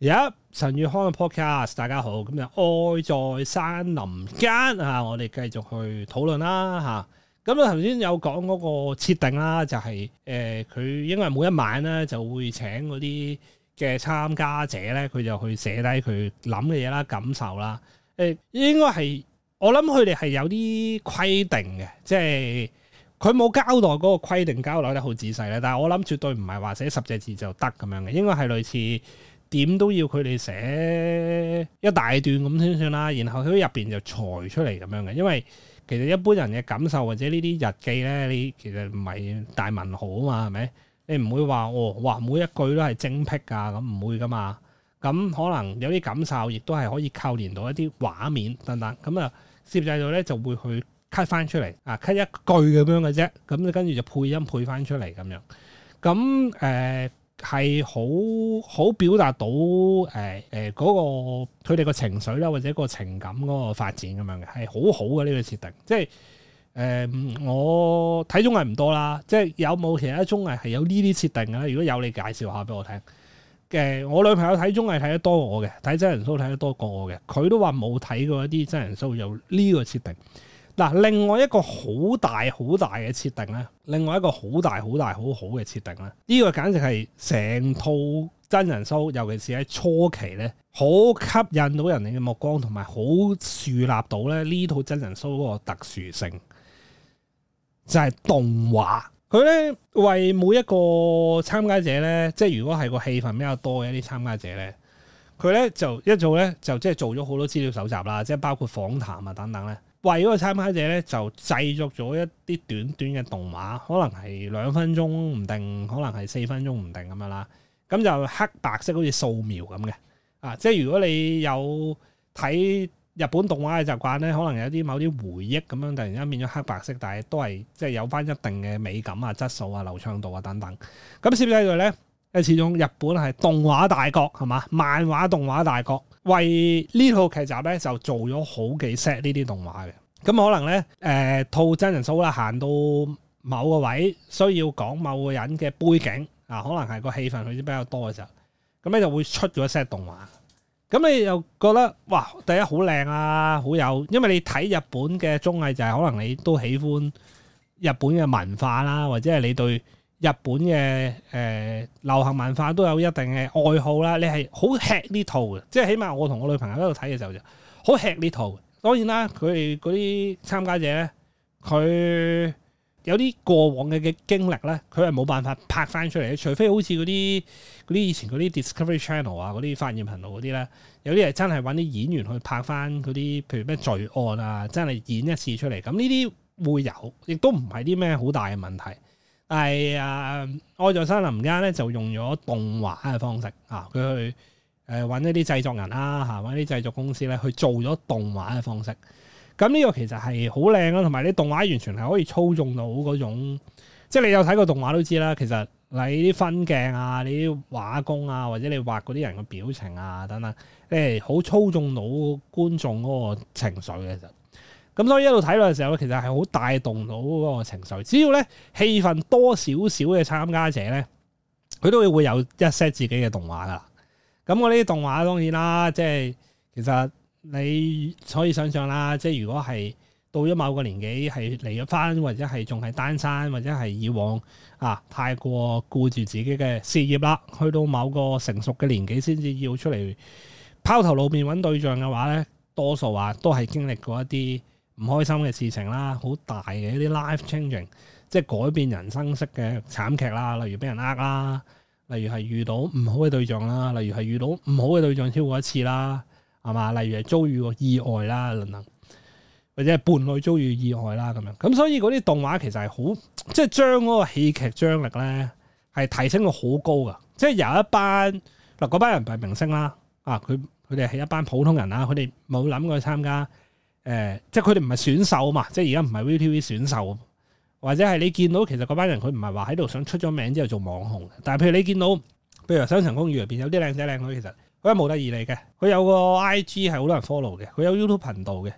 而家陳宇康嘅 podcast，大家好，咁就愛在山林間啊，我哋繼續去討論啦吓。咁啊，頭先有講嗰個設定啦，就係、是、誒，佢應該係每一晚咧就會請嗰啲嘅參加者咧，佢就去寫低佢諗嘅嘢啦、感受啦。誒、呃，應該係我諗佢哋係有啲規定嘅，即係佢冇交代嗰個規定交流得好仔細咧。但係我諗絕對唔係話寫十隻字就得咁樣嘅，應該係類似。點都要佢哋寫一大段咁先算啦，然後佢喺入面就裁出嚟咁樣嘅，因為其實一般人嘅感受或者呢啲日記咧，你其實唔係大文豪啊嘛，係咪？你唔會話哦，哇每一句都係精闢啊，咁唔會噶嘛。咁可能有啲感受，亦都係可以扣連到一啲畫面等等，咁啊，攝製到咧就會去 cut 翻出嚟，啊 cut 一句咁樣嘅啫，咁你跟住就配音配翻出嚟咁樣，咁誒。呃係好好表達到誒誒嗰個佢哋個情緒啦，或者個情感嗰個發展咁樣嘅，係好好嘅呢個設定。即係誒、呃，我睇綜藝唔多啦，即係有冇其他綜藝係有呢啲設定咧？如果有，你介紹一下俾我聽。誒、呃，我女朋友睇綜藝睇得多過我嘅，睇真人 show 睇得多過我嘅，佢都話冇睇過一啲真人 show 有呢個設定。嗱，另外一個好大好大嘅設定咧，另外一個好大好大好好嘅設定咧，呢個簡直係成套真人 show，尤其是喺初期咧，好吸引到人哋嘅目光，同埋好樹立到咧呢呢套真人 show 個特殊性，就係動畫佢咧為每一個參加者咧，即係如果係個戲份比較多嘅一啲參加者咧，佢咧就一早咧就即係做咗好多資料搜集啦，即係包括訪談啊等等咧。為咗個參加者咧，就製作咗一啲短短嘅動畫，可能係兩分鐘唔定，可能係四分鐘唔定咁樣啦。咁就黑白色，好似素描咁嘅。啊，即係如果你有睇日本動畫嘅習慣咧，可能有啲某啲回憶咁樣，突然間變咗黑白色，但係都係即係有翻一定嘅美感啊、質素啊、流暢度啊等等。咁試唔試下咧？因為始終日本係動畫大國，係嘛，漫畫動畫大國。為呢套劇集咧，就做咗好幾 set 呢啲動畫嘅，咁可能咧，誒套真人 show 啦，行到某個位，需要講某個人嘅背景啊，可能係個氣氛佢啲比較多嘅時候，咁咧就會出咗 set 動畫，咁你又覺得哇，第一好靚啊，好有，因為你睇日本嘅綜藝就係可能你都喜歡日本嘅文化啦，或者係你對。日本嘅誒、呃、流行文化都有一定嘅愛好啦，你係好吃呢套嘅，即係起碼我同我女朋友喺度睇嘅時候就好吃呢套。當然啦，佢哋嗰啲參加者，佢有啲過往嘅嘅經歷咧，佢係冇辦法拍翻出嚟，除非好似嗰啲嗰啲以前嗰啲 Discovery Channel 啊嗰啲發現頻道嗰啲咧，有啲係真係搵啲演員去拍翻嗰啲，譬如咩罪案啊，真係演一次出嚟。咁呢啲會有，亦都唔係啲咩好大嘅問題。係啊！《愛在森林家咧就用咗動畫嘅方式啊，佢去誒搵一啲製作人啦、吓，搵、啊、啲製作公司咧，去做咗動畫嘅方式。咁呢個其實係好靚啊，同埋啲動畫完全係可以操縱到嗰種，即係你有睇過動畫都知啦。其實，你啲分鏡啊、你啲畫工啊，或者你畫嗰啲人嘅表情啊等等，誒好操縱到觀眾嗰個情緒嘅。咁所以一路睇落嘅時候，其實係好帶動到嗰個情緒。只要咧氣氛多少少嘅參加者咧，佢都會會有一套自己嘅動畫噶。咁我呢啲動畫，當然啦，就是，即係其實你可以想象啦。即係如果係到咗某個年紀，係離咗婚，或者係仲係單身，或者係以往啊太過顧住自己嘅事業啦，去到某個成熟嘅年紀，先至要出嚟拋頭露面揾對象嘅話咧，多數話都係經歷過一啲唔開心嘅事情啦，好大嘅一啲 life changing，即係改變人生式嘅慘劇啦，例如俾人呃啦，例如係遇到唔好嘅對象啦，例如係遇到唔好嘅對象超過一次啦，係嘛？例如係遭遇過意外啦，等等，或者係伴侶遭遇意外啦，咁樣。咁所以嗰啲動畫其實係好，即係將嗰個戲劇張力咧係提升到好高噶，即係有一班嗱，嗰班人唔係明星啦，啊佢佢哋係一班普通人啦，佢哋冇諗過去參加。誒、呃，即係佢哋唔係選秀嘛，即係而家唔係 ViuTV 選秀，或者係你見到其實嗰班人佢唔係話喺度想出咗名之後做網紅，但係譬如你見到，譬如話《雙層公寓》入邊有啲靚仔靚女，其實佢係模特兒嚟嘅，佢有個 IG 係好多人 follow 嘅，佢有 YouTube 頻道嘅，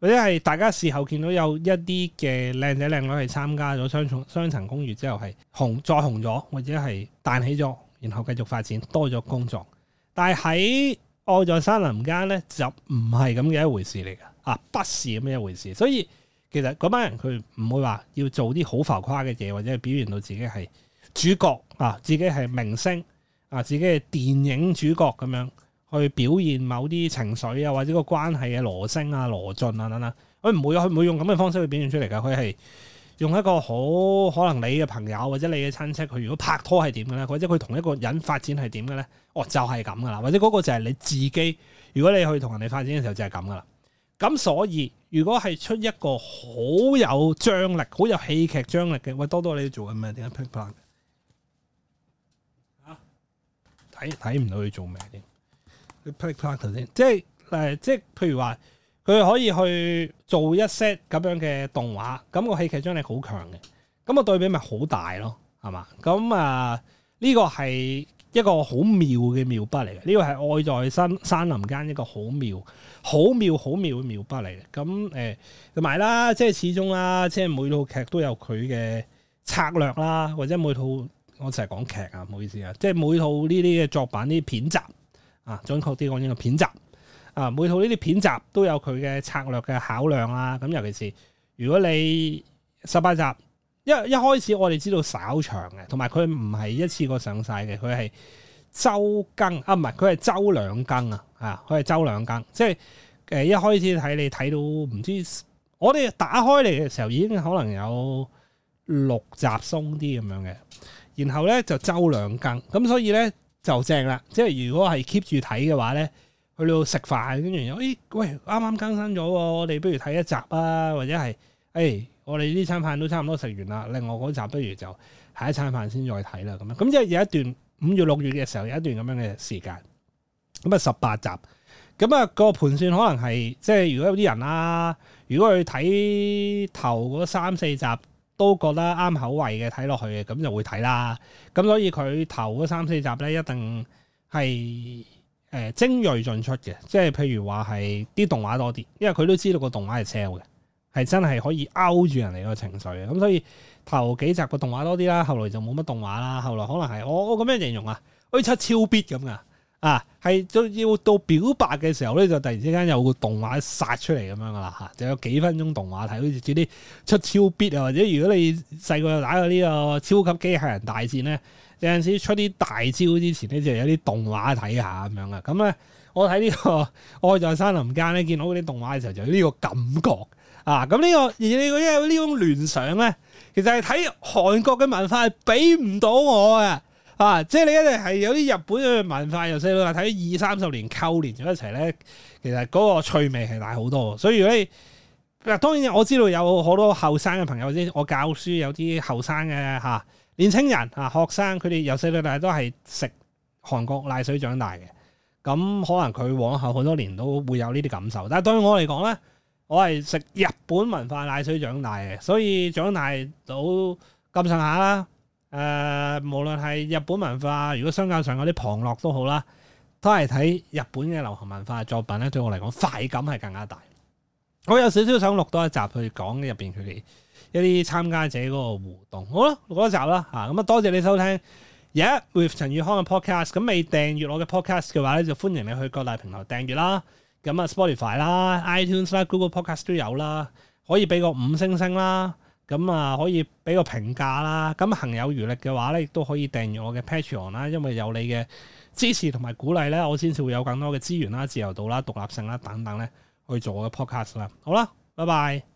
或者係大家事後見到有一啲嘅靚仔靚女係參加咗《雙重雙層公寓》之後係紅再紅咗，或者係彈起咗，然後繼續發展多咗工作，但係喺愛在山林間呢，就唔係咁嘅一回事嚟噶。啊，不是咁嘅一回事。所以其實嗰班人佢唔會話要做啲好浮誇嘅嘢，或者係表現到自己係主角啊，自己係明星啊，自己係電影主角咁樣去表現某啲情緒啊，或者個關係嘅羅星啊、羅進啊等等，佢唔會佢唔會用咁嘅方式去表現出嚟噶。佢係。用一個好可能你嘅朋友或者你嘅親戚，佢如果拍拖係點嘅咧，或者佢同一個人發展係點嘅咧，哦就係咁噶啦，或者嗰個就係你自己，如果你去同人哋發展嘅時候就係咁噶啦。咁所以如果係出一個好有張力、好有戲劇張力嘅，喂多多你做緊咩？點解 plan 啊，睇睇唔到佢做咩先？你 plan 頭先，即係誒，即係譬如話。佢可以去做一 set 咁樣嘅動畫，咁、那個戲劇張力好強嘅，咁、那、啊、個、對比咪好大咯，係嘛？咁啊呢、這個係一個好妙嘅妙筆嚟嘅，呢、這個係愛在山山林間一個好妙、好妙、好妙嘅妙筆嚟嘅。咁誒，同、欸、埋啦，即係始終啦，即係每套劇都有佢嘅策略啦，或者每套我成日講劇啊，唔好意思啊，即係每套呢啲嘅作品、呢啲片集啊，準確啲講呢個片集。啊！每套呢啲片集都有佢嘅策略嘅考量啦。咁尤其是如果你十八集，一一開始我哋知道稍長嘅，同埋佢唔係一次過上晒嘅，佢係周更啊，唔係佢係周兩更啊，啊，佢係周兩更，即係誒，一開始睇你睇到唔知，我哋打開嚟嘅時候已經可能有六集鬆啲咁樣嘅，然後咧就周兩更，咁所以咧就正啦，即係如果係 keep 住睇嘅話咧。去到食飯，跟住咦？喂，啱啱更新咗，我哋不如睇一集啊，或者係誒、哎，我哋呢餐飯都差唔多食完啦，另外嗰集不如就下一餐飯先再睇啦，咁樣咁即係有一段五月六月嘅時候有一段咁樣嘅時間，咁啊十八集，咁、那、啊個盤算可能係即係如果有啲人啦、啊，如果佢睇頭嗰三四集都覺得啱口味嘅，睇落去嘅咁就會睇啦，咁所以佢頭嗰三四集咧一定係。誒精銳進出嘅，即係譬如話係啲動畫多啲，因為佢都知道個動畫係 sell 嘅，係真係可以勾住人哋個情緒嘅，咁所以頭幾集個動畫多啲啦，後來就冇乜動畫啦，後來可能係我我咁樣形容啊，好似出超必咁噶。啊，係到要到表白嘅時候咧，就突然之間有個動畫殺出嚟咁樣噶啦吓，就有幾分鐘動畫睇，好似似啲出超必啊，或者如果你細個又打過呢個超級機械人大戰咧，有陣時出啲大招之前咧，就有啲動畫睇下咁樣啊。咁咧，我睇呢、這個愛在山林間咧，見到嗰啲動畫嘅時候，就有呢個感覺啊。咁、這個、呢個而呢個呢種聯想咧，其實係睇韓國嘅文化係俾唔到我嘅。啊！即係你一定係有啲日本嘅文化，由細到大睇二三十年溝連咗一齊咧，其實嗰個趣味係大好多。所以如果你，當然我知道有好多後生嘅朋友啲，我教書有啲後生嘅嚇年輕人嚇、啊、學生，佢哋由細到大都係食韓國奶水長大嘅，咁可能佢往後好多年都會有呢啲感受。但係對我嚟講咧，我係食日本文化奶水長大嘅，所以長大到咁上下啦。誒、呃，無論係日本文化，如果相較上有啲旁落都好啦，都係睇日本嘅流行文化作品咧，對我嚟講快感係更加大。我有少少想錄多一集去講入邊佢哋一啲參加者嗰個互動，好啦，錄多一集啦吓。咁啊，多謝你收聽，而、yeah, 家 with 陳宇康嘅 podcast。咁未訂閱我嘅 podcast 嘅話咧，就歡迎你去各大平台訂閱啦。咁啊，Spotify 啦、iTunes 啦、Google Podcast 都有啦，可以俾個五星星啦。咁啊，可以俾個評價啦。咁行有餘力嘅話咧，亦都可以訂閱我嘅 Patreon 啦。因為有你嘅支持同埋鼓勵咧，我先至會有更多嘅資源啦、自由度啦、獨立性啦等等咧，去做我嘅 podcast 啦。好啦，拜拜。